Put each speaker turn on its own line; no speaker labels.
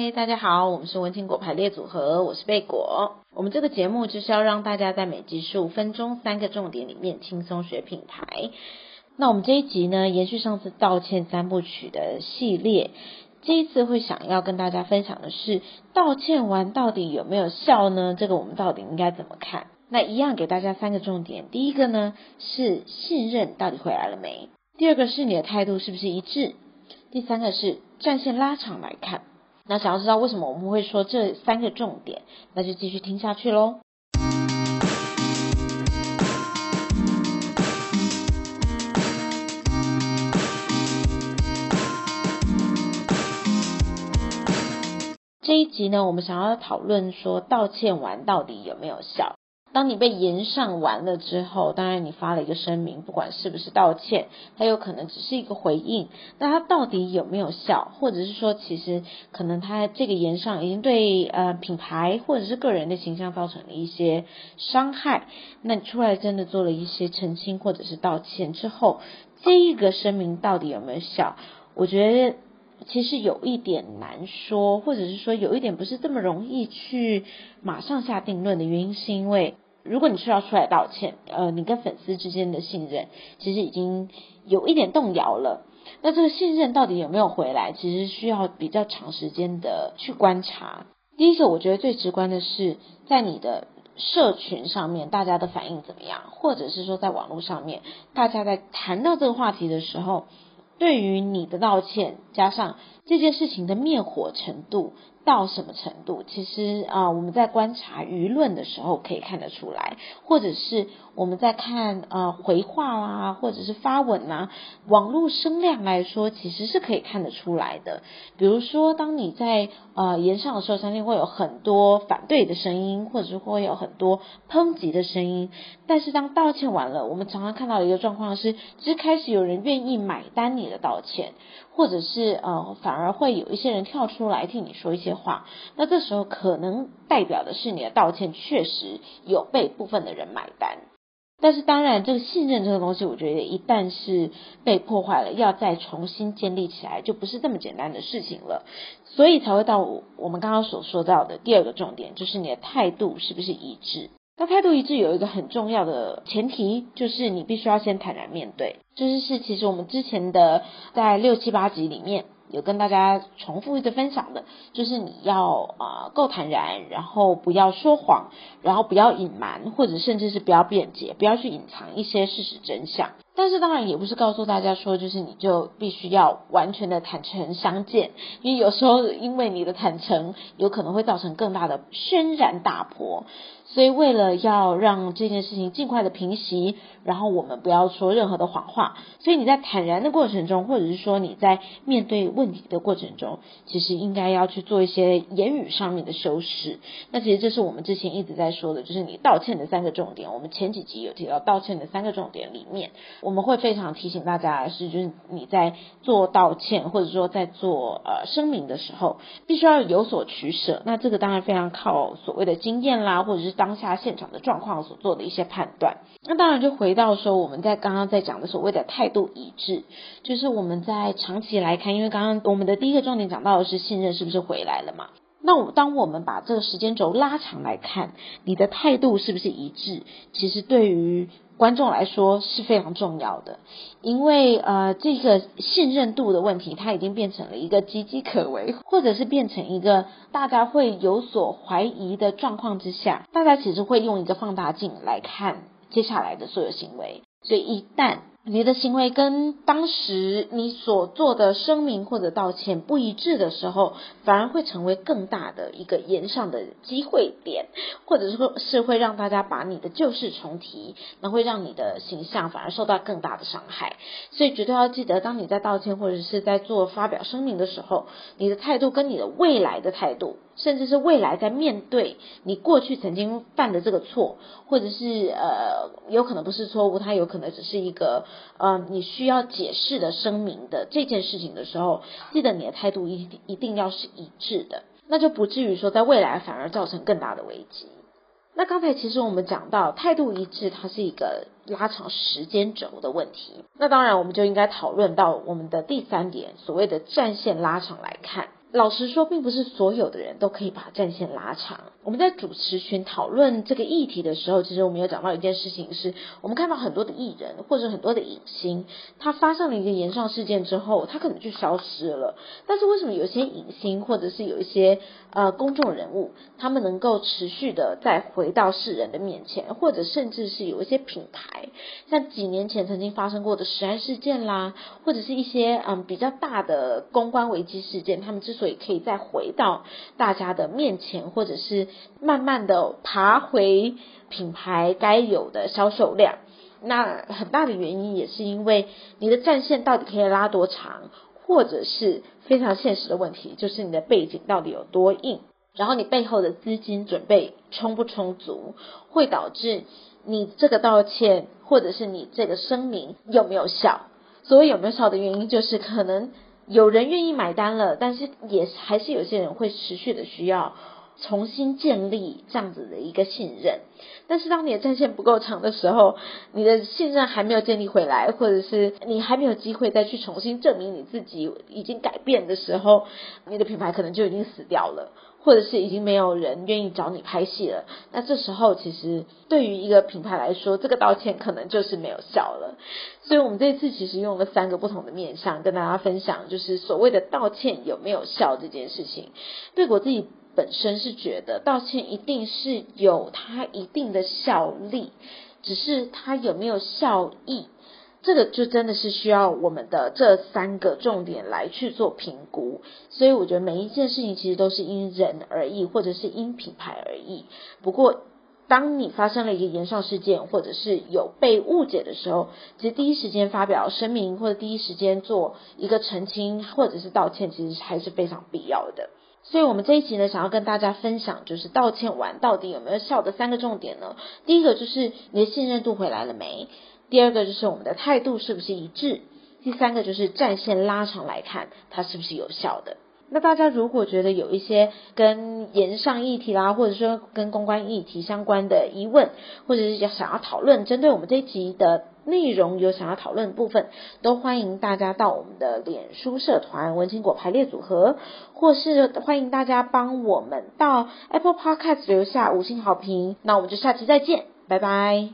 嘿，大家好，我們是文青果排列組合，我是貝果。我們這個節目就是要讓大家在每集十五分鐘三個重點裡面輕鬆學品牌。那我們這一集呢，延續上次道歉三部曲的系列，這一次會想要跟大家分享的是，道歉完到底有沒有效呢？這個我們到底應該怎麼看？那一樣給大家三個重點，第一個呢是信任到底回來了沒？第二個是你的態度是不是一致？第三個是戰線拉長來看。那想要知道為什麼我們會說這三個重點，那就繼續聽下去嘍。這一集呢，我們想要討論說，道歉完到底有沒有效？當你被炎上完了之後，當然你發了一個聲明，不管是不是道歉，它有可能只是一個回應。那它到底有沒有效？或者是說，其實可能它這個炎上已經對呃品牌或者是個人的形象造成了一些傷害。那你出來真的做了一些澄清或者是道歉之後，這個聲明到底有沒有效？我覺得。其實有一點難說，或者是說有一點不是這麼容易去馬上下定論的原因，是因為如果你需要出來道歉，呃，你跟粉絲之間的信任其實已經有一點動搖了。那這個信任到底有沒有回來，其實需要比較長時間的去觀察。第一個，我覺得最直觀的是在你的社群上面大家的反應怎麼樣，或者是說在網絡上面大家在談到這個話題的時候對於你的道歉，加上這件事情的滅火程度，到什麼程度？其實啊、呃，我們在觀察輿論的時候可以看得出來，或者是我們在看呃回話啦，或者是發文吶，網絡聲量來說，其實是可以看得出來的。比如說，當你在呃炎上的時候，相信會有很多反對的聲音，或者會有很多抨擊的聲音。但是當道歉完了，我們常常看到一個狀況是，其實開始有人願意買單你的道歉，或者是呃，反而會有一些人跳出來替你說一些話，那這時候可能代表的是你的道歉確實有被部分的人買單，但是當然，這個信任這個東西，我覺得一旦是被破壞了，要再重新建立起來，就不是這麼簡單的事情了，所以才會到我們剛剛所說到的第二個重點，就是你的態度是不是一致。那態度一致有一個很重要的前提，就是你必須要先坦然面對，就是是其實我們之前的在六七八集裡面。有跟大家重複一直分享的，就是你要啊、呃、夠坦然，然後不要說謊，然後不要隱瞞，或者甚至是不要辯解，不要去隱藏一些事實真相。但是當然也不是告訴大家說，就是你就必須要完全的坦誠相見，因為有時候因為你的坦誠有可能會造成更大的軒然大波，所以為了要讓這件事情盡快的平息，然後我們不要說任何的謊話，所以你在坦然的過程中，或者是說你在面對問題的過程中，其實應該要去做一些言語上面的修飾。那其實這是我們之前一直在說的，就是你道歉的三個重點。我們前幾集有提到道歉的三個重點裡面。我們會非常提醒大家的是，就是你在做道歉或者說在做呃聲明的時候，必須要有所取捨。那這個當然非常靠所謂的經驗啦，或者是當下現場的狀況所做的一些判斷。那當然就回到說，我們在剛剛在講的所謂的態度一致，就是我們在長期來看，因為剛剛我們的第一個重點講到的是信任是不是回來了嘛？那我當我們把這個時間軸拉長來看，你的態度是不是一致？其實對於觀眾來說是非常重要的，因為呃，這個信任度的問題，它已經變成了一個岌岌可危，或者是變成一個大家會有所懷疑的狀況之下，大家其實會用一個放大鏡來看接下來的所有行為，所以一旦。你的行為跟當時你所做的聲明或者道歉不一致的時候，反而會成為更大的一個炎上的機會點，或者是說，是會讓大家把你的舊事重提，那會讓你的形象反而受到更大的傷害。所以，絕對要記得，當你在道歉或者是在做發表聲明的時候，你的態度跟你的未來的態度。甚至是未來在面對你過去曾經犯的這個錯，或者是呃有可能不是錯誤，它有可能只是一個呃你需要解釋的聲明的這件事情的時候，記得你的態度一一定要是一致的，那就不至於說在未來反而造成更大的危機。那剛才其實我們講到態度一致，它是一個拉長時間軸的問題。那當然我們就應該討論到我們的第三點，所謂的戰線拉長來看。老實說，並不是所有的人都可以把戰線拉長。我們在主持群討論這個議題的時候，其實我們有講到一件事情是，是我們看到很多的藝人或者很多的影星，他發生了一個炎上事件之後，他可能就消失了。但是為什麼有些影星或者是有一些呃公眾人物，他們能夠持續的再回到世人的面前，或者甚至是有一些品牌，像幾年前曾經發生過的食安事件啦，或者是一些嗯、呃、比較大的公關危機事件，他們之。所以可以再回到大家的面前，或者是慢慢的爬回品牌該有的銷售量。那很大的原因也是因為你的戰線到底可以拉多長，或者是非常現實的問題，就是你的背景到底有多硬，然後你背後的資金準備充不充足，會導致你這個道歉或者是你這個聲明有沒有效。所以有沒有效的原因，就是可能。有人願意買單了，但是也還是有些人會持續的需要重新建立這樣子的一個信任。但是當你的戰線不夠長的時候，你的信任還沒有建立回來，或者是你還沒有機會再去重新證明你自己已經改變的時候，你的品牌可能就已經死掉了。或者是已經沒有人願意找你拍戲了，那這時候其實對於一個品牌來說，這個道歉可能就是沒有效了。所以我們這次其實用了三個不同的面向跟大家分享，就是所謂的道歉有沒有效這件事情。貝果自己本身是覺得道歉一定是有它一定的效力，只是它有沒有效益。這個就真的是需要我們的這三個重點來去做評估，所以我覺得每一件事情其實都是因人而異，或者是因品牌而異。不過，當你發生了一個炎上事件，或者是有被誤解的時候，其實第一時間發表聲明，或者第一時間做一個澄清，或者是道歉，其實還是非常必要的。所以，我們這一集呢，想要跟大家分享，就是道歉完到底有沒有效的三個重點呢？第一個就是你的信任度回來了沒？第二個就是我們的態度是不是一致？第三個就是戰線拉長來看，它是不是有效的？那大家如果覺得有一些跟炎上議題啦，或者說跟公關議題相關的疑問，或者是想想要討論針對我們這一集的內容有想要討論的部分，都歡迎大家到我們的臉書社團“文青果排列組合”，或是歡迎大家幫我們到 Apple Podcast 留下五星好評。那我們就下期再見，拜拜。